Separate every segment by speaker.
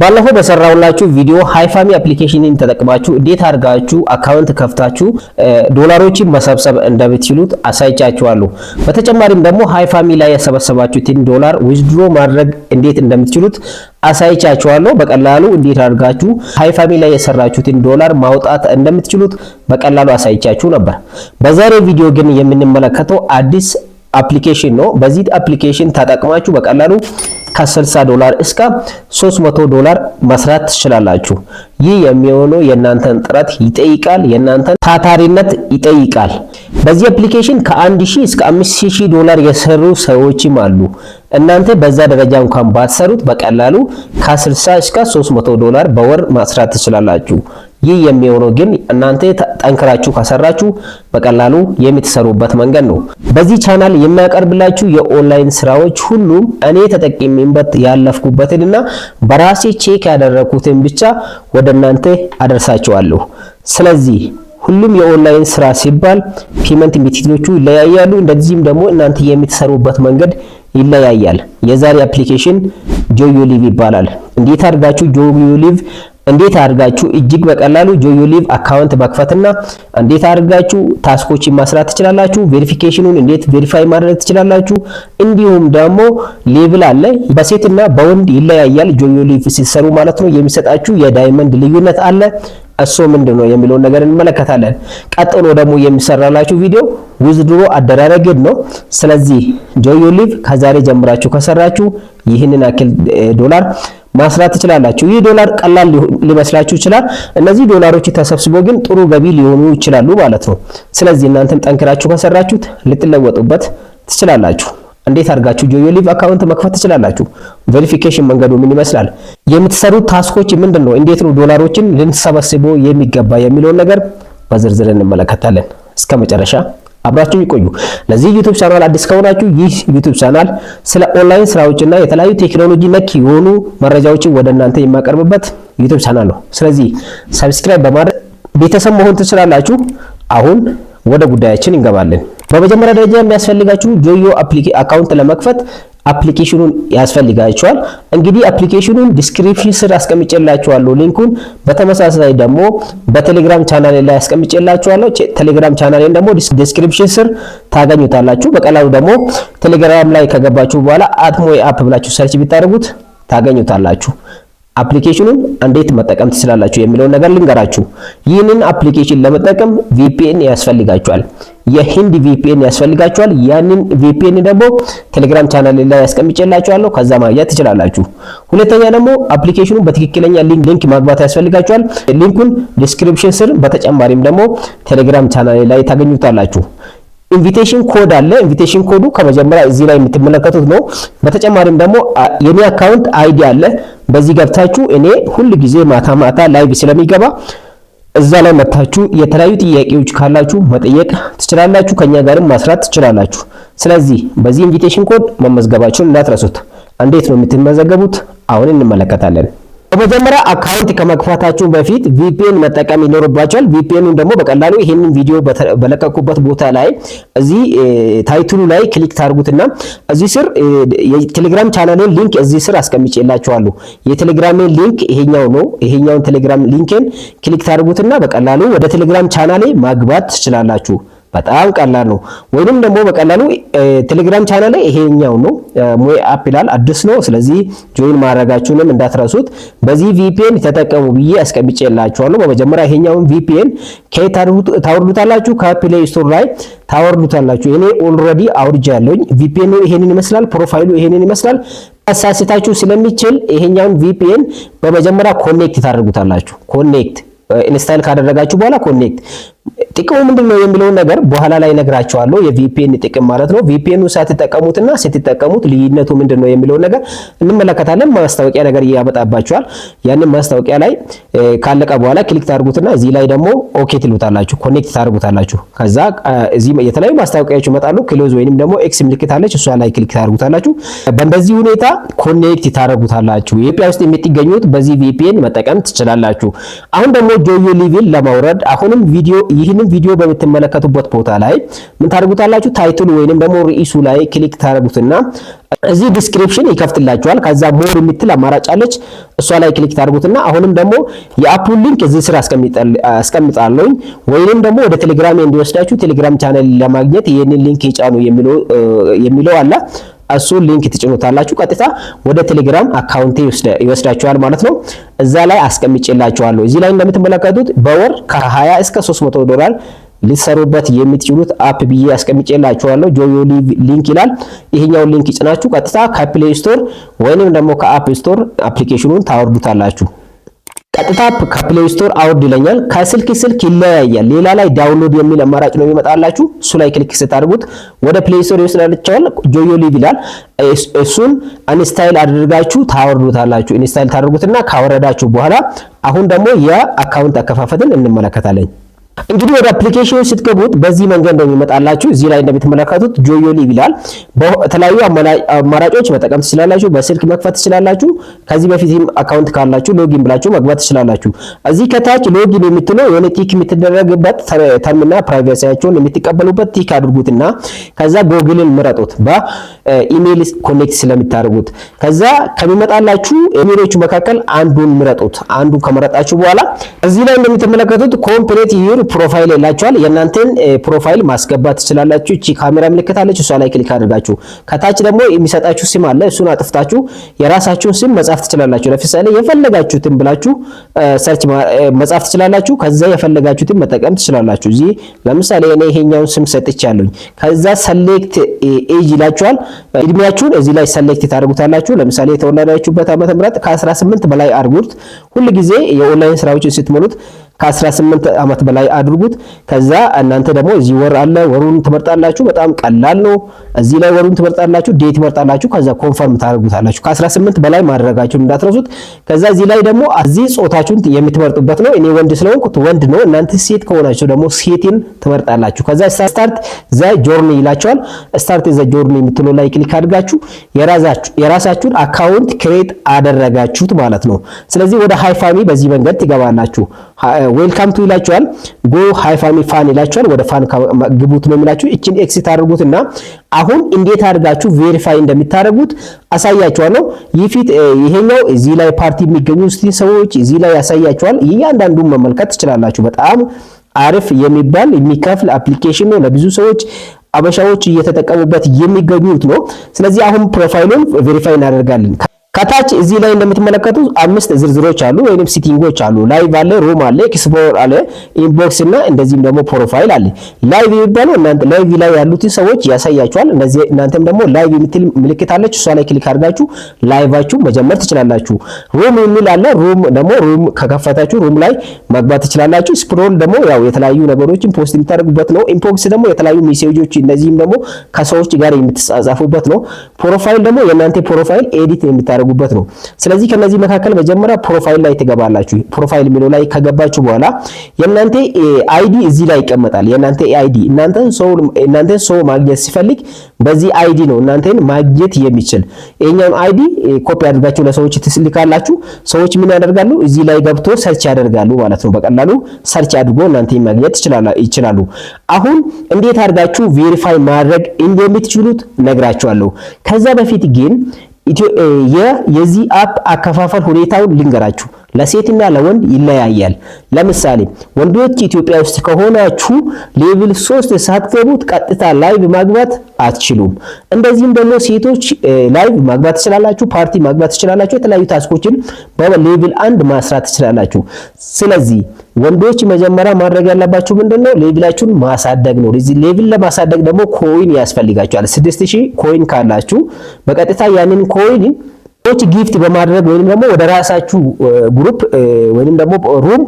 Speaker 1: ባለፈው በሰራውላችሁ ቪዲዮ ሃይፋሚ አፕሊኬሽንን ተጠቅማችሁ እንዴት አድርጋችሁ አካውንት ከፍታችሁ ዶላሮችን መሰብሰብ እንደምትችሉት አሳይቻችኋለሁ። በተጨማሪም ደግሞ ሃይፋሚ ላይ ያሰበሰባችሁትን ዶላር ዊዝድሮ ማድረግ እንዴት እንደምትችሉት አሳይቻችኋለሁ። በቀላሉ እንዴት አድርጋችሁ ሃይፋሚ ላይ የሰራችሁትን ዶላር ማውጣት እንደምትችሉት በቀላሉ አሳይቻችሁ ነበር። በዛሬ ቪዲዮ ግን የምንመለከተው አዲስ አፕሊኬሽን ነው። በዚህ አፕሊኬሽን ተጠቅማችሁ በቀላሉ ከ60 ዶላር እስከ 300 ዶላር መስራት ትችላላችሁ። ይህ የሚሆነው የእናንተን ጥረት ይጠይቃል፣ የእናንተን ታታሪነት ይጠይቃል። በዚህ አፕሊኬሽን ከ1000 እስከ 5000 ዶላር የሰሩ ሰዎችም አሉ። እናንተ በዛ ደረጃ እንኳን ባትሰሩት በቀላሉ ከ60 እስከ 300 ዶላር በወር መስራት ትችላላችሁ። ይህ የሚሆነው ግን እናንተ ጠንክራችሁ ከሰራችሁ በቀላሉ የምትሰሩበት መንገድ ነው። በዚህ ቻናል የሚያቀርብላችሁ የኦንላይን ስራዎች ሁሉም እኔ ተጠቅሜበት ያለፍኩበትንና በራሴ ቼክ ያደረኩትን ብቻ ወደ እናንተ አደርሳችኋለሁ። ስለዚህ ሁሉም የኦንላይን ስራ ሲባል ፔመንት ሜቴዶቹ ይለያያሉ። እንደዚህም ደግሞ እናንተ የምትሰሩበት መንገድ ይለያያል። የዛሬ አፕሊኬሽን ጆዮ ሊቭ ይባላል። እንዴት አድርጋችሁ ጆዮ እንዴት አድርጋችሁ እጅግ በቀላሉ ጆዮ ሊቭ አካውንት መክፈትና እንዴት አድርጋችሁ ታስኮችን ማስራት ትችላላችሁ። ቬሪፊኬሽኑን እንዴት ቬሪፋይ ማድረግ ትችላላችሁ። እንዲሁም ደግሞ ሌቭል አለ፣ በሴትና በወንድ ይለያያል። ጆዮ ሊቭ ሲሰሩ ማለት ነው። የሚሰጣችሁ የዳይመንድ ልዩነት አለ። እሱ ምንድን ነው የሚለውን ነገር እንመለከታለን። ቀጥሎ ደግሞ የሚሰራላችሁ ቪዲዮ ውዝድሮ አደራረግን ነው። ስለዚህ ጆዮ ሊቭ ከዛሬ ጀምራችሁ ከሰራችሁ ይህንን አክል ዶላር ማስራት ትችላላችሁ። ይህ ዶላር ቀላል ሊመስላችሁ ይችላል። እነዚህ ዶላሮች ተሰብስቦ ግን ጥሩ ገቢ ሊሆኑ ይችላሉ ማለት ነው። ስለዚህ እናንተም ጠንክራችሁ ከሰራችሁት ልትለወጡበት ትችላላችሁ። እንዴት አድርጋችሁ ጆዮ ሊቭ አካውንት መክፈት ትችላላችሁ? ቬሪፊኬሽን መንገዱ ምን ይመስላል? የምትሰሩት ታስኮች ምንድን ነው? እንዴት ነው ዶላሮችን ልንሰበስቦ የሚገባ የሚለውን ነገር በዝርዝር እንመለከታለን። እስከ መጨረሻ አብራችሁ ይቆዩ። ለዚህ ዩቲዩብ ቻናል አዲስ ከሆናችሁ ይህ ዩቲዩብ ቻናል ስለ ኦንላይን ስራዎችና የተለያዩ ቴክኖሎጂ ነክ የሆኑ መረጃዎችን ወደ እናንተ የማቀርብበት ዩቲዩብ ቻናል ነው። ስለዚህ ሰብስክራይብ በማድረግ ቤተሰብ መሆን ትችላላችሁ። አሁን ወደ ጉዳያችን እንገባለን። በመጀመሪያ ደረጃ የሚያስፈልጋችሁ ጆዮ አፕሊኬ አካውንት ለመክፈት አፕሊኬሽኑን ያስፈልጋቸዋል። እንግዲህ አፕሊኬሽኑን ዲስክሪፕሽን ስር አስቀምጬላችኋለሁ። ሊንኩን በተመሳሳይ ደግሞ በቴሌግራም ቻናል ላይ አስቀምጬላችኋለሁ። ቴሌግራም ቻናሌን ደግሞ ዲስክሪፕሽን ስር ታገኙታላችሁ። በቀላሉ ደግሞ ቴሌግራም ላይ ከገባችሁ በኋላ አትሞይ አፕ ብላችሁ ሰርች ቢታደርጉት ታገኙታላችሁ። አፕሊኬሽኑን እንዴት መጠቀም ትችላላችሁ የሚለውን ነገር ልንገራችሁ። ይህንን አፕሊኬሽን ለመጠቀም ቪፒኤን ያስፈልጋችኋል። የሂንድ ቪፒኤን ያስፈልጋችኋል። ያንን ቪፒኤን ደግሞ ቴሌግራም ቻናል ላይ ያስቀምጬላችኋለሁ፣ ከዛ ማግኘት ትችላላችሁ። ሁለተኛ ደግሞ አፕሊኬሽኑን በትክክለኛ ሊንክ ማግባት ያስፈልጋችኋል። ሊንኩን ዲስክሪፕሽን ስር በተጨማሪም ደግሞ ቴሌግራም ቻናል ላይ ታገኙታላችሁ። ኢንቪቴሽን ኮድ አለ። ኢንቪቴሽን ኮዱ ከመጀመሪያ እዚህ ላይ የምትመለከቱት ነው። በተጨማሪም ደግሞ የኔ አካውንት አይዲ አለ። በዚህ ገብታችሁ እኔ ሁል ጊዜ ማታ ማታ ላይቭ ስለሚገባ እዛ ላይ መታችሁ የተለያዩ ጥያቄዎች ካላችሁ መጠየቅ ትችላላችሁ። ከኛ ጋርም ማስራት ትችላላችሁ። ስለዚህ በዚህ ኢንቪቴሽን ኮድ መመዝገባችሁን እንዳትረሱት። እንዴት ነው የምትመዘገቡት? አሁን እንመለከታለን። በመጀመሪያ አካውንት ከመክፈታችሁ በፊት ቪፒኤን መጠቀም ይኖርባችኋል። ቪፒኤኑን ደግሞ በቀላሉ ይህንን ቪዲዮ በለቀቁበት ቦታ ላይ እዚህ ታይትሉ ላይ ክሊክ ታርጉትና እዚህ ስር የቴሌግራም ቻናሌን ሊንክ እዚህ ስር አስቀምጬላችኋለሁ። የቴሌግራሜ ሊንክ ይሄኛው ነው። ይሄኛውን ቴሌግራም ሊንክን ክሊክ ታርጉትና በቀላሉ ወደ ቴሌግራም ቻናሌ ማግባት ትችላላችሁ። በጣም ቀላል ነው። ወይንም ደግሞ በቀላሉ ቴሌግራም ቻናል ላይ ይሄኛው ነው ሙሄ አፕ ይላል አዲስ ነው። ስለዚህ ጆይን ማድረጋችሁንም እንዳትረሱት። በዚህ ቪፒኤን ተጠቀሙ ብዬ አስቀምጬላችኋለሁ። በመጀመሪያ ይሄኛውን ቪፒኤን ከየት ታወርዱታላችሁ? ከፕሌይ ስቶር ላይ ታወርዱታላችሁ። እኔ ኦልሬዲ አውርጃለሁኝ። ቪፒኤኑ ይሄንን ይመስላል፣ ፕሮፋይሉ ይሄንን ይመስላል። አሳስታችሁ ስለሚችል ይሄኛውን ቪፒኤን በመጀመሪያ ኮኔክት ታደርጉታላችሁ። ኮኔክት ኢንስታይል ካደረጋችሁ በኋላ ኮኔክት ጥቅሙ ምንድን ነው የሚለውን ነገር በኋላ ላይ ነግራቸዋለሁ። የቪፒኤን ጥቅም ማለት ነው። ቪፒኤኑ ሳትጠቀሙትና ስትጠቀሙት ልዩነቱ ምንድን ነው የሚለውን ነገር እንመለከታለን። ማስታወቂያ ነገር ያመጣባቸዋል። ያንን ማስታወቂያ ላይ ካለቀ በኋላ ክሊክ ታርጉትና እዚህ ላይ ደግሞ ኦኬ ትሉታላችሁ፣ ኮኔክት ታርጉታላችሁ። ከዛ እዚህ የተለያዩ ማስታወቂያዎች ይመጣሉ። ክሎዝ ወይንም ደግሞ ኤክስ ምልክት አለች፣ እሷ ላይ ክሊክ ታርጉታላችሁ። በእንደዚህ ሁኔታ ኮኔክት ታርጉታላችሁ። ኢትዮጵያ ውስጥ የምትገኙት በዚህ ቪፒኤን መጠቀም ትችላላችሁ። አሁን ደግሞ ጆዮ ሊቪን ለማውረድ አሁንም ቪዲዮ ይህንን ቪዲዮ በምትመለከቱበት ቦታ ላይ ምን ታደርጉታላችሁ? ታይትሉ ወይንም ደግሞ ርዕሱ ላይ ክሊክ ታደርጉትና እዚህ ዲስክሪፕሽን ይከፍትላችኋል። ከዛ ሞር የምትል አማራጭ አለች። እሷ ላይ ክሊክ ታደርጉትና አሁንም ደግሞ የአፑን ሊንክ እዚህ ስር አስቀምጣለሁኝ ወይንም ደግሞ ወደ ቴሌግራም እንዲወስዳችሁ ቴሌግራም ቻናል ለማግኘት ይህንን ሊንክ ይጫኑ የሚለው አለ እሱን ሊንክ ትጭኑታላችሁ። ቀጥታ ወደ ቴሌግራም አካውንቴ ይወስዳችኋል ማለት ነው። እዛ ላይ አስቀምጬላችኋለሁ። እዚህ ላይ እንደምትመለከቱት በወር ከ20 እስከ 300 ዶላር ሊሰሩበት የምትችሉት አፕ ብዬ አስቀምጬላችኋለሁ። ጆዮ ሊንክ ይላል። ይሄኛውን ሊንክ ጭናችሁ ቀጥታ ከፕሌይ ስቶር ወይንም ደግሞ ከአፕ ስቶር አፕሊኬሽኑን ታወርዱታላችሁ። ቀጥታ ከፕሌይ ስቶር አውርድ ይለኛል። ከስልክ ስልክ ይለያያል። ሌላ ላይ ዳውንሎድ የሚል አማራጭ ነው የሚመጣላችሁ። እሱ ላይ ክሊክ ስታደርጉት ወደ ፕሌይ ስቶር ይወስዳችኋል። ጆዮ ሊቭ ይላል። እሱን አንስታይል አድርጋችሁ ታወርዱታላችሁ። ኢንስታይል ታደርጉትና ካወረዳችሁ በኋላ አሁን ደግሞ የአካውንት አከፋፈትን እንመለከታለን። እንግዲህ ወደ አፕሊኬሽኑ ስትገቡት በዚህ መንገድ ነው የሚመጣላችሁ። እዚህ ላይ እንደምትመለከቱት ጆዮ ሊቭ ይላል። በተለያዩ አማራጮች መጠቀም ትችላላችሁ። በስልክ መክፈት ትችላላችሁ። ከዚህ በፊትም አካውንት ካላችሁ ሎጊን ብላችሁ መግባት ትችላላችሁ። እዚህ ከታች ሎጊን የምትለው የሆነ ቲክ የምትደረግበት ተርምና ፕራይቬሲያቸውን የምትቀበሉበት ቲክ አድርጉትና ከዛ ጎግልን ምረጡት። ኢሜይል ኮኔክት ስለምታደርጉት ከዛ ከሚመጣላችሁ ኢሜይሎቹ መካከል አንዱን ምረጡት። አንዱ ከመረጣችሁ በኋላ እዚህ ላይ እንደምትመለከቱት ኮምፕሌት ዩር ፕሮፋይል ይላችኋል። የእናንተን ፕሮፋይል ማስገባት ትችላላችሁ። እቺ ካሜራ ምልክት አለች፣ እሷ ላይ ክሊክ አድርጋችሁ ከታች ደግሞ የሚሰጣችሁ ስም አለ። እሱን አጥፍታችሁ የራሳችሁን ስም መጻፍ ትችላላችሁ። ለምሳሌ የፈለጋችሁትን ብላችሁ ሰርች መጻፍ ትችላላችሁ። ከዛ የፈለጋችሁትን መጠቀም ትችላላችሁ። እዚህ ለምሳሌ እኔ ይሄኛውን ስም ሰጥቻለሁኝ። ከዛ ሰሌክት ኤጅ ይላችኋል። እድሜያችሁን እዚህ ላይ ሰሌክት ታደርጉታላችሁ። ለምሳሌ የተወለዳችሁበት ዓመተ ምህረት ከ18 በላይ አድርጉት። ሁልጊዜ የኦንላይን ስራዎችን ስትሞሉት ከ18 ዓመት በላይ አድርጉት። ከዛ እናንተ ደግሞ እዚህ ወር አለ፣ ወሩን ትመርጣላችሁ። በጣም ቀላል ነው። እዚህ ላይ ወሩን ትመርጣላችሁ፣ ዴ ትመርጣላችሁ። ከዛ ኮንፈርም ታደርጉታላችሁ። ከ18 በላይ ማድረጋችሁን እንዳትረሱት። ከዛ እዚህ ላይ ደግሞ እዚህ ጾታችሁን የምትመርጡበት ነው። እኔ ወንድ ስለሆንኩ ወንድ ነው። እናንተ ሴት ከሆናችሁ ደግሞ ሴትን ትመርጣላችሁ። ከዛ ስታርት ዘ ጆርኒ ይላችኋል። ስታርት ዘ ጆርኒ የምትሉ ላይ ክሊክ አድርጋችሁ የራሳችሁን አካውንት ክሬት አደረጋችሁት ማለት ነው። ስለዚህ ወደ ሃይፋሚ በዚህ መንገድ ትገባላችሁ። ዌልካም ቱ eh, ይላችኋል። ጎ ሃይ ፋን ይላችኋል። ወደ ፋን ግቡት ነው የሚላችሁ። እችን ኤክሲት እና አሁን እንዴት አድርጋችሁ ቬሪፋይ እንደሚታደርጉት አሳያችኋለሁ። ይፊት eh, ይሄኛው እዚህ ላይ ፓርቲ የሚገኙ ሰዎች እዚህ ላይ ያሳያችኋል። እያንዳንዱን መመልከት ትችላላችሁ። በጣም አሪፍ የሚባል የሚከፍል አፕሊኬሽን ነው። ለብዙ ሰዎች አበሻዎች እየተጠቀሙበት የሚገኙት ነው። ስለዚህ አሁን ፕሮፋይሉን ቬሪፋይ እናደርጋለን። ከታች እዚህ ላይ እንደምትመለከቱ አምስት ዝርዝሮች አሉ ወይንም ሲቲንጎች አሉ። ላይቭ አለ፣ ሩም አለ፣ ኤክስፕሎር አለ፣ ኢንቦክስ እና እንደዚህም ደግሞ ፕሮፋይል አለ። ላይቭ የሚባለው እናንተ ላይቭ ላይ ያሉትን ሰዎች ያሳያችኋል። እንደዚህ እናንተም ደግሞ ላይቭ የምትል ምልክት አለች። እሷ ላይ ክሊክ አድርጋችሁ ላይቫችሁ መጀመር ትችላላችሁ። ሩም የሚል አለ። ሮም ደግሞ ሮም ከከፈታችሁ ሩም ላይ መግባት ትችላላችሁ። ስፕሮል ደግሞ ያው የተለያዩ ነገሮችን ፖስት የምታደርጉበት ነው። ኢንቦክስ ደግሞ የተለያዩ ሜሴጆች እንደዚህም ደግሞ ከሰዎች ጋር የምትጻጻፉበት ነው። ፕሮፋይል ደግሞ የእናንተ ፕሮፋይል ኤዲት የምታደርጉ የምታደርጉበት ነው። ስለዚህ ከነዚህ መካከል መጀመሪያ ፕሮፋይል ላይ ትገባላችሁ። ፕሮፋይል የሚለው ላይ ከገባችሁ በኋላ የእናንተ አይዲ እዚህ ላይ ይቀመጣል። የእናንተ አይዲ እናንተን ሰው ማግኘት ሲፈልግ በዚህ አይዲ ነው እናንተን ማግኘት የሚችል። ይሄኛውን አይዲ ኮፒ አድርጋችሁ ለሰዎች ትልካላችሁ። ሰዎች ምን ያደርጋሉ? እዚህ ላይ ገብቶ ሰርች ያደርጋሉ ማለት ነው። በቀላሉ ሰርች አድርጎ እናንተን ማግኘት ይችላሉ። አሁን እንዴት አድርጋችሁ ቬሪፋይ ማድረግ እንደምትችሉት ነግራችኋለሁ። ከዛ በፊት ግን የዚህ አፕ አከፋፈል ሁኔታውን ልንገራችሁ። ለሴትና ለወንድ ይለያያል። ለምሳሌ ወንዶች ኢትዮጵያ ውስጥ ከሆናችሁ ሌቭል ሶስት ሳትገቡት ቀጥታ ላይቭ ማግባት አትችሉም። እንደዚህም ደግሞ ሴቶች ላይቭ ማግባት ትችላላችሁ፣ ፓርቲ ማግባት ትችላላችሁ፣ የተለያዩ ታስኮችን በሌቭል አንድ ማስራት ትችላላችሁ። ስለዚህ ወንዶች መጀመሪያ ማድረግ ያለባችሁ ምንድነው? ሌቭላችሁን ማሳደግ ነው። ለዚህ ሌቭል ለማሳደግ ደግሞ ኮይን ያስፈልጋችኋል። 6000 ኮይን ካላችሁ በቀጥታ ያንን ኮይን ሰዎች ጊፍት በማድረግ ወይንም ደግሞ ወደ ራሳችሁ ግሩፕ ወይንም ደግሞ ሩም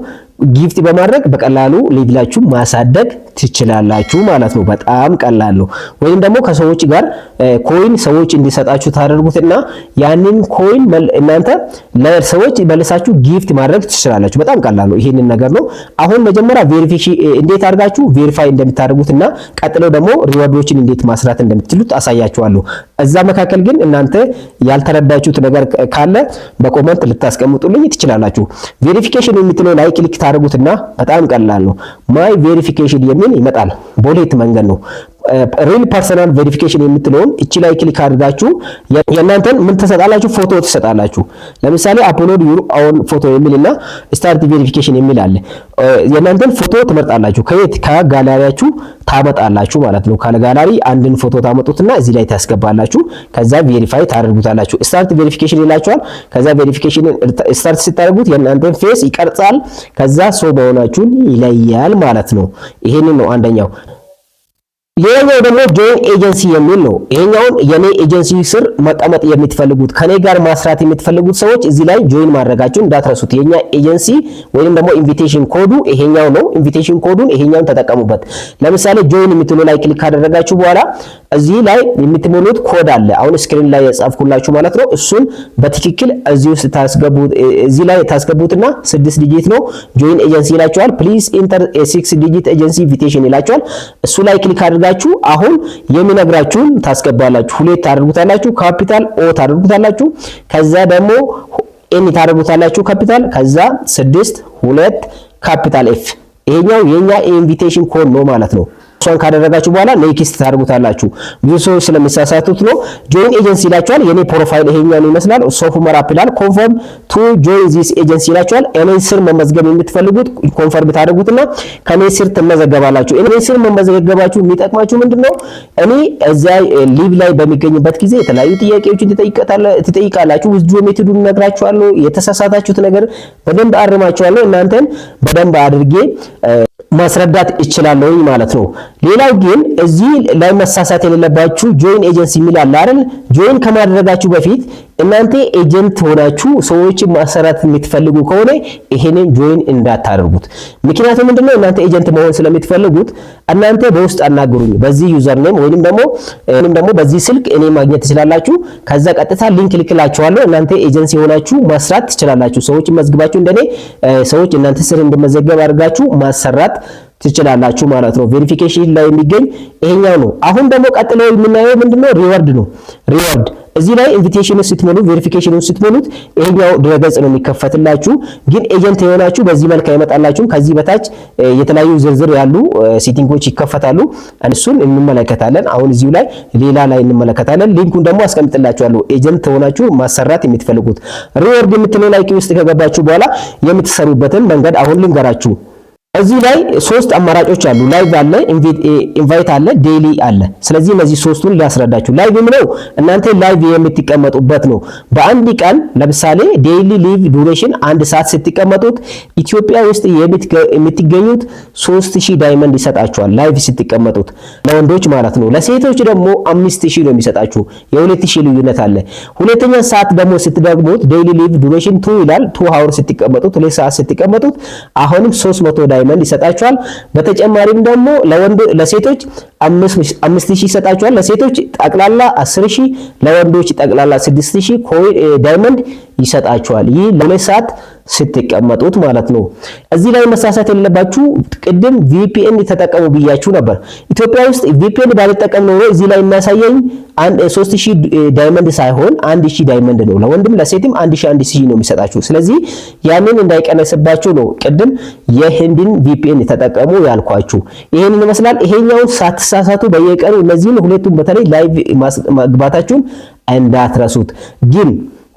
Speaker 1: ጊፍት በማድረግ በቀላሉ ሌቭላችሁ ማሳደግ ትችላላችሁ ማለት ነው። በጣም ቀላል ነው። ወይም ደግሞ ከሰዎች ጋር ኮይን ሰዎች እንዲሰጣችሁ ታደርጉትና ያንን ኮይን እናንተ ለሰዎች መልሳችሁ ጊፍት ማድረግ ትችላላችሁ። በጣም ቀላል ነው። ይሄንን ነገር ነው አሁን መጀመሪያ ቬሪፊኬሽን እንዴት አድርጋችሁ ቬሪፋይ እንደምታደርጉትና ቀጥለው ደግሞ ሪዋርዶችን እንዴት ማስራት እንደምትችሉት አሳያችኋለሁ። እዛ መካከል ግን እናንተ ያልተረዳችሁት ነገር ካለ በኮመንት ልታስቀምጡልኝ ትችላላችሁ። ቬሪፊኬሽን የምትለው ላይ ክሊክ ታደርጉትና በጣም ቀላል ነው። ማይ ቬሪፊኬሽን የሚ ግን ይመጣል። ቦሌት መንገድ ነው ሪል ፐርሰናል ቬሪፊኬሽን የምትለውን እቺ ላይ ክሊክ አድርጋችሁ የእናንተን ምን ትሰጣላችሁ? ፎቶ ትሰጣላችሁ። ለምሳሌ አፕሎድ ዩር አውን ፎቶ የሚልና ስታርት ቬሪፊኬሽን የሚል አለ። የእናንተን ፎቶ ትመርጣላችሁ። ከየት ከጋላሪያችሁ ታመጣላችሁ ማለት ነው። ከጋላሪ አንድን ፎቶ ታመጡትና እዚህ ላይ ታስገባላችሁ። ከዛ ቬሪፋይ ታደርጉታላችሁ። ስታርት ቬሪፊኬሽን ይላችኋል። ከዛ ቬሪፊኬሽን ስታርት ስታደርጉት የእናንተን ፌስ ይቀርጻል። ከዛ ሰው መሆናችሁን ይለያል ማለት ነው። ይሄንን ነው አንደኛው። ሌላኛው ደግሞ ጆይን ኤጀንሲ የሚል ነው። ይሄኛውን የኔ ኤጀንሲ ስር መቀመጥ የምትፈልጉት ከኔ ጋር ማስራት የምትፈልጉት ሰዎች እዚህ ላይ ጆይን ማድረጋችሁ እንዳትረሱት። የኛ ኤጀንሲ ወይም ደግሞ ኢንቪቴሽን ኮዱ ይሄኛው ነው። ኢንቪቴሽን ኮዱን ይሄኛውን ተጠቀሙበት። ለምሳሌ ጆይን የምትሉ ላይ ክሊክ ካደረጋችሁ በኋላ እዚህ ላይ የምትሞሉት ኮድ አለ። አሁን ስክሪን ላይ የጻፍኩላችሁ ማለት ነው። እሱን በትክክል እዚህ ውስጥ ታስገቡት። እዚህ ላይ ታስገቡትና ስድስት ዲጂት ነው። ጆይን ኤጀንሲ ይላችኋል። ፕሊዝ ኢንተር ኤ ሲክስ ዲጂት ኤጀንሲ ኢንቪቴሽን ይላችኋል። እሱ ላይ ክሊክ አድርጋችሁ አሁን የሚነግራችሁን ታስገባላችሁ። ሁሌት ታደርጉታላችሁ። ካፒታል ኦ ታደርጉታላችሁ። ከዛ ደግሞ ኤን ታደርጉታላችሁ ካፒታል። ከዛ ስድስት ሁለት ካፒታል ኤፍ። ይሄኛው የኛ ኢንቪቴሽን ኮድ ነው ማለት ነው። እሷን ካደረጋችሁ በኋላ ኔክስት ታደርጉታላችሁ። ብዙ ሰዎች ስለሚሳሳቱት ነው። ጆይን ኤጀንሲ ይላችኋል። የኔ ፕሮፋይል ይሄኛውን ይመስላል። ሶፍመር አፕላል ኮንፈርም ቱ ጆይን ዚስ ኤጀንሲ ይላችኋል። እኔ ስር መመዝገብ የምትፈልጉት ኮንፈርም ታደርጉትና ከኔ ስር ትመዘገባላችሁ። እኔ ስር መመዘገባችሁ የሚጠቅማችሁ ምንድነው? እኔ እዛ ሊቭ ላይ በሚገኝበት ጊዜ የተለያዩ ጥያቄዎችን ትጠይቃላችሁ። ውዝዱ ሜትዱን እነግራችኋለሁ። የተሳሳታችሁት ነገር በደንብ አርማችኋለሁ። እናንተን በደንብ አድርጌ ማስረዳት ይችላለሁኝ ማለት ነው። ሌላው ግን እዚህ ላይ መሳሳት የሌለባችሁ ጆይን ኤጀንሲ የሚል አለ አይደል? ጆይን ከማድረጋችሁ በፊት እናንተ ኤጀንት ሆናችሁ ሰዎችን ማሰራት የምትፈልጉ ከሆነ ይሄንን ጆይን እንዳታደርጉት። ምክንያቱ ምንድነው እናንተ ኤጀንት መሆን ስለምትፈልጉት እናንተ በውስጥ አናግሩኝ በዚህ ዩዘር ኔም ወይንም ደግሞ ወይንም ደግሞ በዚህ ስልክ እኔ ማግኘት ትችላላችሁ። ከዛ ቀጥታ ሊንክ ልክላችኋለሁ። እናንተ ኤጀንሲ ሆናችሁ ማስራት ትችላላችሁ። ሰዎች መዝግባችሁ እንደኔ ሰዎች እናንተ ስር እንድመዘገብ አድርጋችሁ ማሰራት ትችላላችሁ ማለት ነው። ቬሪፊኬሽን ላይ የሚገኝ ይሄኛው ነው። አሁን ደግሞ ቀጥሎ የምናየው ምንድነው? ሪወርድ ነው። ሪወርድ እዚህ ላይ ኢንቪቴሽኑ ስትሞሉ ቬሪፊኬሽኑ ስትሞሉት ይሄኛው ድረገጽ ነው የሚከፈትላችሁ። ግን ኤጀንት የሆናችሁ በዚህ መልክ አይመጣላችሁም። ከዚህ በታች የተለያዩ ዝርዝር ያሉ ሴቲንጎች ይከፈታሉ። እሱን እንመለከታለን። አሁን እዚሁ ላይ ሌላ ላይ እንመለከታለን። ሊንኩን ደግሞ አስቀምጥላችኋለሁ። ኤጀንት ተሆናችሁ ማሰራት የምትፈልጉት ሪወርድ የምትለው ላይክ ውስጥ ከገባችሁ በኋላ የምትሰሩበትን መንገድ አሁን ልንገራችሁ። እዚህ ላይ ሶስት አማራጮች አሉ። ላይቭ አለ፣ ኢንቫይት አለ፣ ዴሊ አለ። ስለዚህ እነዚህ ሶስቱን ሊያስረዳችሁ። ላይቭ ምነው እናንተ ላይቭ የምትቀመጡበት ነው። በአንድ ቀን ለምሳሌ ዴሊ ሊቭ ዱሬሽን አንድ ሰዓት ስትቀመጡት ኢትዮጵያ ውስጥ የምትገኙት 3000 ዳይመንድ ይሰጣችኋል። ላይቭ ስትቀመጡት ለወንዶች ማለት ነው። ለሴቶች ደግሞ 5000 ነው የሚሰጣችሁ። የ የ2000 ልዩነት አለ። ሁለተኛ ሰዓት ደግሞ ስትደግሙት ዴሊ ሊቭ ዱሬሽን 2 ይላል። 2 አወር ስትቀመጡት፣ ሁለት ሰዓት ስትቀመጡት አሁንም 300 ዳይመንድ ዳይመንድ ይሰጣቸዋል በተጨማሪም ደግሞ ለወንድ ለሴቶች 5000 ይሰጣቸዋል። ለሴቶች ጠቅላላ 10000 ለወንዶች ጠቅላላ 6000 ዳይመንድ ይሰጣቸዋል። ይህ ለሁለት ሰዓት ስትቀመጡት ማለት ነው። እዚህ ላይ መሳሳት የለባችሁ። ቅድም ቪፒኤን ተጠቀሙ ብያችሁ ነበር። ኢትዮጵያ ውስጥ ቪፒኤን ባልጠቀም ኖሮ እዚህ ላይ የሚያሳየኝ 3000 ዳይመንድ ሳይሆን 1000 ዳይመንድ ነው። ለወንድም ለሴትም 1000 1000 ነው የሚሰጣችሁ። ስለዚህ ያንን እንዳይቀነስባችሁ ነው ቅድም የህንድን ቪፒኤን ተጠቀሙ ያልኳችሁ። ይሄን ይመስላል። ይሄኛውን ሳትሳሳቱ በየቀኑ እነዚህን ሁለቱም በተለይ ላይቭ ማግባታችሁን እንዳትረሱት ግን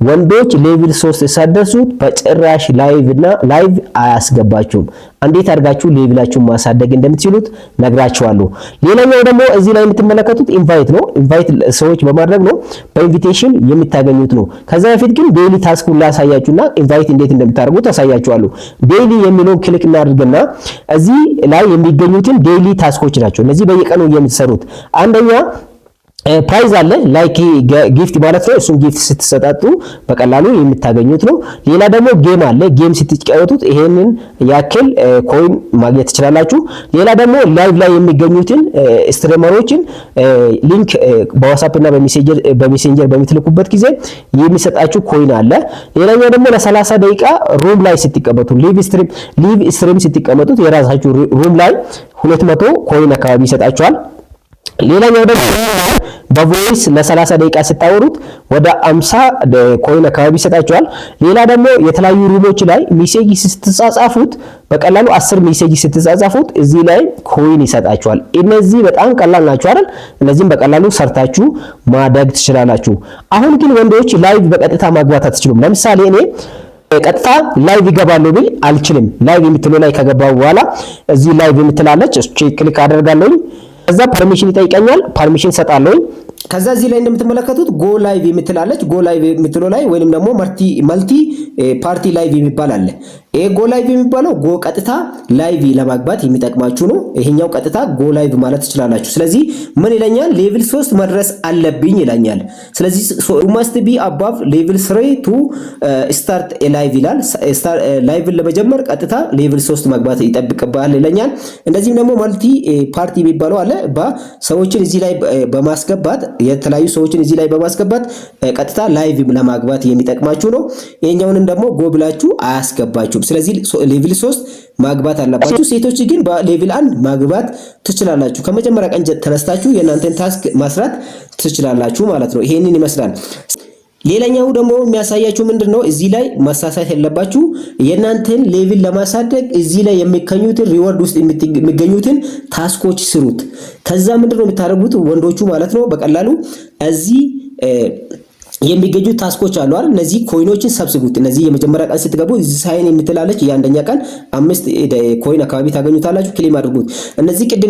Speaker 1: ወንዶች ሌቪል ሶስት የሳደሱት በጭራሽ ላይቭ እና ላይቭ አያስገባችሁም። እንዴት አድርጋችሁ ሌቪላችሁን ማሳደግ እንደምትችሉት ነግራችኋለሁ። ሌላኛው ደግሞ እዚህ ላይ የምትመለከቱት ኢንቫይት ነው። ኢንቫይት ሰዎች በማድረግ ነው፣ በኢንቪቴሽን የምታገኙት ነው። ከዛ በፊት ግን ዴይሊ ታስኩን ላሳያችሁና ኢንቫይት እንዴት እንደምታደርጉ ታሳያችኋለሁ። ዴይሊ የሚለውን ክሊክ እናደርግና እዚህ ላይ የሚገኙትን ዴይሊ ታስኮች ናቸው እነዚህ በየቀኑ የምትሰሩት አንደኛ ፕራይዝ አለ ላይክ ጊፍት ማለት ነው። እሱም ጊፍት ስትሰጣጡ በቀላሉ የምታገኙት ነው። ሌላ ደግሞ ጌም አለ። ጌም ስትጫወቱት ይሄንን ያክል ኮይን ማግኘት ትችላላችሁ። ሌላ ደግሞ ላይቭ ላይ የሚገኙትን ስትሪመሮችን ሊንክ በዋትስአፕ እና በሜሴንጀር በሚትልኩበት ጊዜ የሚሰጣችሁ ኮይን አለ። ሌላኛው ደግሞ ለሰላሳ ደቂቃ ሩም ላይ ስትቀመጡ ሊቭ ስትሪም ሊቭ ስትሪም ስትቀመጡት የራሳችሁ ሩም ላይ ሁለት መቶ ኮይን አካባቢ ይሰጣችኋል። ሌላኛው ደግሞ በቮይስ ለ30 ደቂቃ ስታወሩት ወደ 50 ኮይን አካባቢ ይሰጣችኋል። ሌላ ደግሞ የተለያዩ ሩሞች ላይ ሚሴጅ ስትጻጻፉት በቀላሉ 10 ሚሴጅ ስትጻጻፉት እዚህ ላይ ኮይን ይሰጣችኋል። እነዚህ በጣም ቀላል ናቸው አይደል? እነዚህም በቀላሉ ሰርታችሁ ማደግ ትችላላችሁ። አሁን ግን ወንዶች ላይቭ በቀጥታ ማግባት አትችሉም። ለምሳሌ እኔ ቀጥታ ላይቭ ይገባሉ ብል አልችልም። ላይቭ የምትለው ላይ ከገባው በኋላ እዚህ ላይቭ የምትላለች እሱ ክሊክ አደርጋለሁ ከዛ ፐርሚሽን ይጠይቀኛል። ፐርሚሽን ሰጣለሁኝ ከዛ እዚህ ላይ እንደምትመለከቱት ጎ ላይቭ የምትላለች ጎ ላይቭ የምትለው ላይ ወይም ደግሞ መልቲ ፓርቲ ላይቭ የሚባል አለ። ይሄ ጎ ላይቭ የሚባለው ጎ ቀጥታ ላይቭ ለማግባት የሚጠቅማችሁ ነው። ይሄኛው ቀጥታ ጎ ላይቭ ማለት ትችላላችሁ። ስለዚህ ምን ይለኛል? ሌቭል 3 መድረስ አለብኝ ይለኛል። ስለዚህ ማስት ቢ አባቭ ሌቭል 3 ቱ ስታርት ላይቭ ይላል። ላይቭን ለመጀመር ቀጥታ ሌቭል 3 ማግባት ይጠብቅብሃል ይለኛል። እንደዚህም ደግሞ መልቲ ፓርቲ የሚባለው አለ። ሰዎችን እዚህ ላይ በማስገባት የተለያዩ ሰዎችን እዚህ ላይ በማስገባት ቀጥታ ላይቭ ለማግባት የሚጠቅማችሁ ነው። ይሄኛውንም ደግሞ ጎብላችሁ አያስገባችሁም። ስለዚህ ሌቪል ሶስት ማግባት አለባችሁ። ሴቶች ግን በሌቪል አንድ ማግባት ትችላላችሁ። ከመጀመሪያ ቀን ተነስታችሁ የእናንተን ታስክ ማስራት ትችላላችሁ ማለት ነው። ይሄንን ይመስላል። ሌላኛው ደግሞ የሚያሳያችሁ ምንድን ነው? እዚህ ላይ መሳሳት ያለባችሁ የእናንተን ሌቪል ለማሳደግ እዚህ ላይ የሚገኙትን ሪዋርድ ውስጥ የሚገኙትን ታስኮች ስሩት። ከዛ ምንድን ነው የምታደርጉት? ወንዶቹ ማለት ነው በቀላሉ እዚህ የሚገኙ ታስኮች አሉ አይደል? እነዚህ ኮይኖችን ሰብስቡት። እነዚህ የመጀመሪያ ቀን ስትገቡ ሳይን የምትላለች የአንደኛ ቀን አምስት ኮይን አካባቢ ታገኙታላችሁ። ክሌም አድርጉት። እነዚህ ቅድም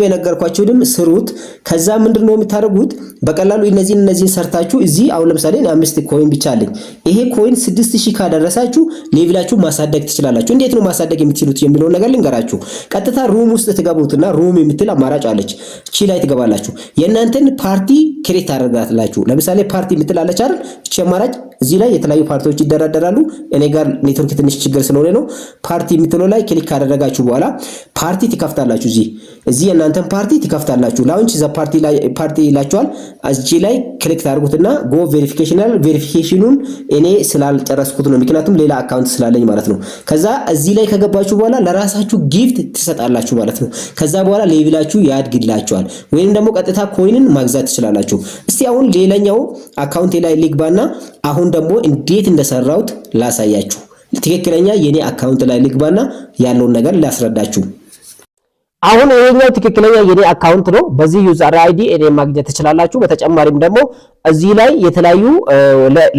Speaker 1: ድም ስሩት። ከዛ ምንድን ነው የምታደርጉት? በቀላሉ እነዚህን እነዚህን ሰርታችሁ እዚህ አሁን ለምሳሌ አምስት ኮይን ብቻ አለኝ። ይሄ ኮይን ስድስት ሺህ ካደረሳችሁ ሌቪላችሁ ማሳደግ ትችላላችሁ። እንዴት ነው ማሳደግ የምትችሉት የሚለውን ነገር ልንገራችሁ። ቀጥታ ሩም ውስጥ ትገቡትና ሩም የምትል አማራጭ አለች። ቺ ላይ ትገባላችሁ። የእናንተን ፓርቲ ክሬት አደረጋትላችሁ። ለምሳሌ ፓርቲ የምትላለች አይደል? እቺ አማራጭ እዚህ ላይ የተለያዩ ፓርቲዎች ይደራደራሉ። እኔ ጋር ኔትወርክ ትንሽ ችግር ስለሆነ ነው። ፓርቲ የምትለው ላይ ክሊክ ካደረጋችሁ በኋላ ፓርቲ ትከፍታላችሁ እዚህ እዚህ የእናንተን ፓርቲ ትከፍታላችሁ። ላውንች ዘ ፓርቲ ላይ ፓርቲ ይላችኋል። እዚህ ላይ ክሊክ ታደርጉትና ጎ ቬሪፊኬሽናል ቬሪፊኬሽኑን እኔ ስላልጨረስኩት ነው፣ ምክንያቱም ሌላ አካውንት ስላለኝ ማለት ነው። ከዛ እዚህ ላይ ከገባችሁ በኋላ ለራሳችሁ ጊፍት ትሰጣላችሁ ማለት ነው። ከዛ በኋላ ሌቪላችሁ ያድግላችኋል፣ ወይንም ደግሞ ቀጥታ ኮይንን ማግዛት ትችላላችሁ። እስቲ አሁን ሌላኛው አካውንት ላይ ሊግባና አሁን ደግሞ እንዴት እንደሰራሁት ላሳያችሁ። ትክክለኛ የኔ አካውንት ላይ ልግባና ያለውን ነገር ላስረዳችሁ። አሁን ይሄኛው ትክክለኛ የኔ አካውንት ነው። በዚህ ዩዘር አይዲ እኔ ማግኘት ትችላላችሁ። በተጨማሪም ደግሞ እዚህ ላይ የተለያዩ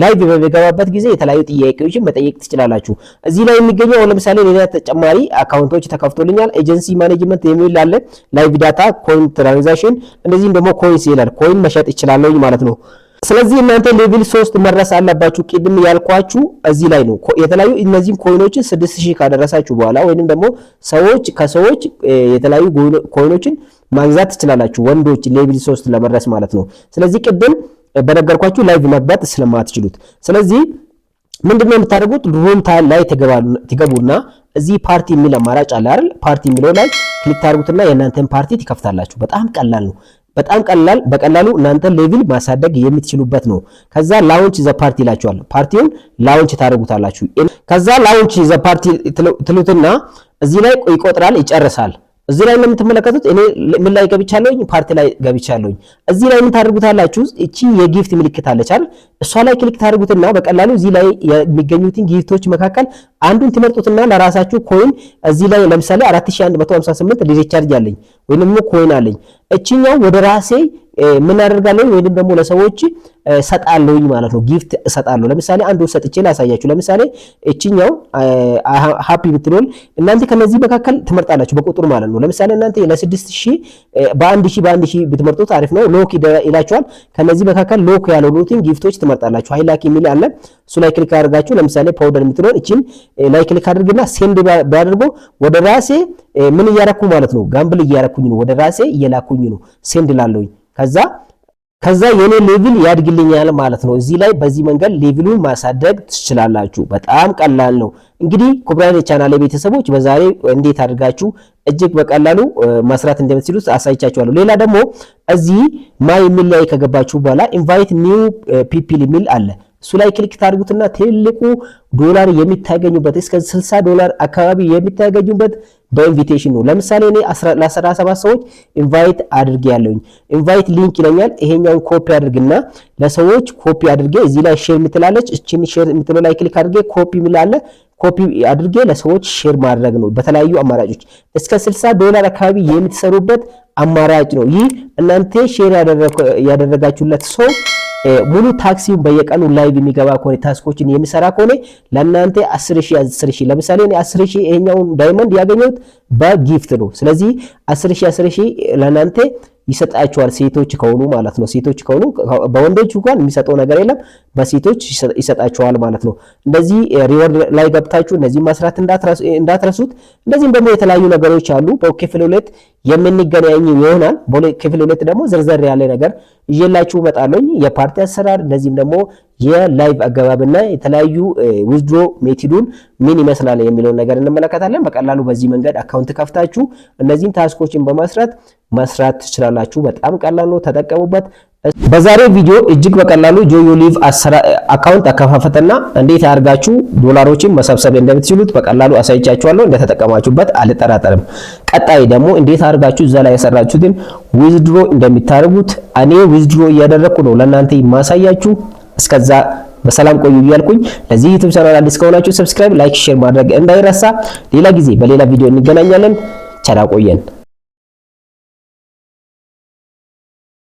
Speaker 1: ላይቭ በሚገባበት ጊዜ የተለያዩ ጥያቄዎችን መጠየቅ ትችላላችሁ። እዚህ ላይ የሚገኘው አሁን ለምሳሌ ሌላ ተጨማሪ አካውንቶች ተከፍቶልኛል። ኤጀንሲ ማኔጅመንት የሚል አለ፣ ላይቭ ዳታ፣ ኮይን ትራንዛክሽን፣ እንደዚህም ደግሞ ኮይንስ ይላል። ኮይን መሸጥ ይችላለሁ ማለት ነው። ስለዚህ እናንተ ሌቪል ሶስት መድረስ አለባችሁ። ቅድም ያልኳችሁ እዚህ ላይ ነው። የተለያዩ እነዚህን ኮይኖችን ስድስት ሺህ ካደረሳችሁ በኋላ ወይንም ደግሞ ሰዎች ከሰዎች የተለያዩ ኮይኖችን ማግዛት ትችላላችሁ። ወንዶች ሌቪል ሶስት ለመድረስ ማለት ነው። ስለዚህ ቅድም በነገርኳችሁ ላይቭ መግባት ስለማትችሉት ስለዚህ ምንድነው የምታደርጉት? ሩም ታይም ላይ ትገቡና እዚህ ፓርቲ የሚል አማራጭ አለ አይደል? ፓርቲ የሚለው ላይ ክሊክ ታደርጉትና የእናንተን ፓርቲ ትከፍታላችሁ። በጣም ቀላል ነው። በጣም ቀላል በቀላሉ እናንተ ሌቪል ማሳደግ የምትችሉበት ነው። ከዛ ላውንች ዘ ፓርቲ ይላችኋል። ፓርቲውን ላውንች ታደርጉታላችሁ። ከዛ ላውንች ዘ ፓርቲ ትሉትና እዚህ ላይ ይቆጥራል፣ ይጨርሳል። እዚህ ላይ እንደምትመለከቱት እኔ ምን ላይ ገብቻለሁኝ? ፓርቲ ላይ ገብቻለሁኝ። እዚህ ላይ ምን ታደርጉታላችሁ? እቺ የጊፍት ምልክት አለቻል። እሷ ላይ ክሊክ ታደርጉትና በቀላሉ እዚህ ላይ የሚገኙትን ጊፍቶች መካከል አንዱን ትመርጡትና ለራሳችሁ ኮይን እዚህ ላይ ለምሳሌ 4158 ሪቻርጅ አለኝ ወይንም ኮይን አለኝ። እችኛው ወደ ራሴ ምን አደርጋለሁ ወይንም ደግሞ ለሰዎች ሰጣለሁኝ ማለት ነው። ጊፍት ሰጣለሁ። ለምሳሌ አንዱ ሰጥቼ ላሳያችሁ። ለምሳሌ እቺኛው ሃፒ ብትሆን እናንተ ከነዚህ መካከል ትመርጣላችሁ በቁጥር ማለት ነው። ለምሳሌ እናንተ ለስድስት ሺ በአንድ ሺ በአንድ ሺ ብትመርጡት አሪፍ ነው። ሎክ ይላችኋል። ከነዚህ መካከል ሎክ ያልሆኑትን ጊፍቶች ትመርጣላችሁ። ሃይ ላክ የሚል አለ። እሱ ላይ ክሊክ አድርጋችሁ ለምሳሌ ፓውደር የምትሆን እቺን ላይ ክሊክ አድርግና ሴንድ ቢያደርጎ ወደ ራሴ ምን እያረኩ ማለት ነው? ጋምብል እያረኩኝ ነው። ወደ ራሴ እየላኩኝ ነው። ሴንድ ላለሁኝ ከዛ ከዛ የኔ ሌቭል ያድግልኛል ማለት ነው። እዚህ ላይ በዚህ መንገድ ሌቭሉን ማሳደግ ትችላላችሁ። በጣም ቀላል ነው። እንግዲህ ክቡራን የቻናል ቤተሰቦች በዛሬ እንዴት አድርጋችሁ እጅግ በቀላሉ መስራት እንደምትችሉ አሳይቻችኋለሁ። ሌላ ደግሞ እዚህ ማይ የሚል ላይ ከገባችሁ በኋላ ኢንቫይት ኒው ፒፕል የሚል አለ እሱ ላይ ክሊክ ታደርጉትና ትልቁ ዶላር የሚታገኙበት እስከ 60 ዶላር አካባቢ የሚታገኙበት በኢንቪቴሽን ነው። ለምሳሌ እኔ ለ17 ሰዎች ኢንቫይት አድርጌ ያለሁኝ ኢንቫይት ሊንክ ይለኛል። ይሄኛውን ኮፒ አድርግና ለሰዎች ኮፒ አድርጌ እዚህ ላይ ሼር የምትላለች እችን ሼር የምትለው ላይ ክሊክ አድርጌ ኮፒ ምላለ ኮፒ አድርጌ ለሰዎች ሼር ማድረግ ነው። በተለያዩ አማራጮች እስከ 60 ዶላር አካባቢ የምትሰሩበት አማራጭ ነው። ይህ እናንተ ሼር ያደረጋችሁለት ሰው ሙሉ ታክሲውን በየቀኑ ላይቭ የሚገባ ከሆነ ታስኮችን የሚሰራ ከሆነ ለእናንተ 10000 10000 ለምሳሌ እኔ 10000 ይሄኛውን ዳይመንድ ያገኘት በጊፍት ነው። ስለዚህ አስር ሺህ አስር ሺህ ለእናንተ ይሰጣቸዋል ሴቶች ከሆኑ ማለት ነው። ሴቶች ከሆኑ በወንዶች እንኳን የሚሰጠው ነገር የለም፣ በሴቶች ይሰጣቸዋል ማለት ነው። እንደዚህ ሪወርድ ላይ ገብታችሁ እነዚህ መስራት እንዳትረሱት። እንደዚህም ደግሞ የተለያዩ ነገሮች አሉ። በክፍል ሁለት የምንገናኝ ይሆናል። በክፍል ሁለት ደግሞ ዝርዝር ያለ ነገር እየላችሁ እመጣለሁ። የፓርቲ አሰራር እንደዚህም ደግሞ የላይቭ አገባብና የተለያዩ ዊዝድሮ ሜቲዱን ምን ይመስላል የሚለውን ነገር እንመለከታለን። በቀላሉ በዚህ መንገድ አካውንት ከፍታችሁ እነዚህን ታስኮችን በማስራት መስራት ትችላላችሁ። በጣም ቀላል ነው፣ ተጠቀሙበት። በዛሬው ቪዲዮ እጅግ በቀላሉ ጆዮ ሊቭ አካውንት አከፋፈትና እንዴት አድርጋችሁ ዶላሮችን መሰብሰብ እንደምትችሉት በቀላሉ አሳይቻችኋለሁ። እንደተጠቀማችሁበት አልጠራጠርም። ቀጣይ ደግሞ እንዴት አድርጋችሁ እዛ ላይ የሰራችሁትን ዊዝድሮ እንደሚታደርጉት እኔ ዊዝድሮ እያደረግኩ ነው ለእናንተ ማሳያችሁ እስከዛ በሰላም ቆዩ እያልኩኝ ለዚህ ዩቲዩብ ቻናል አዲስ ከሆናችሁ ሰብስክራይብ፣ ላይክ፣ ሼር ማድረግ እንዳይረሳ። ሌላ ጊዜ በሌላ ቪዲዮ እንገናኛለን። ቸር ቆየን።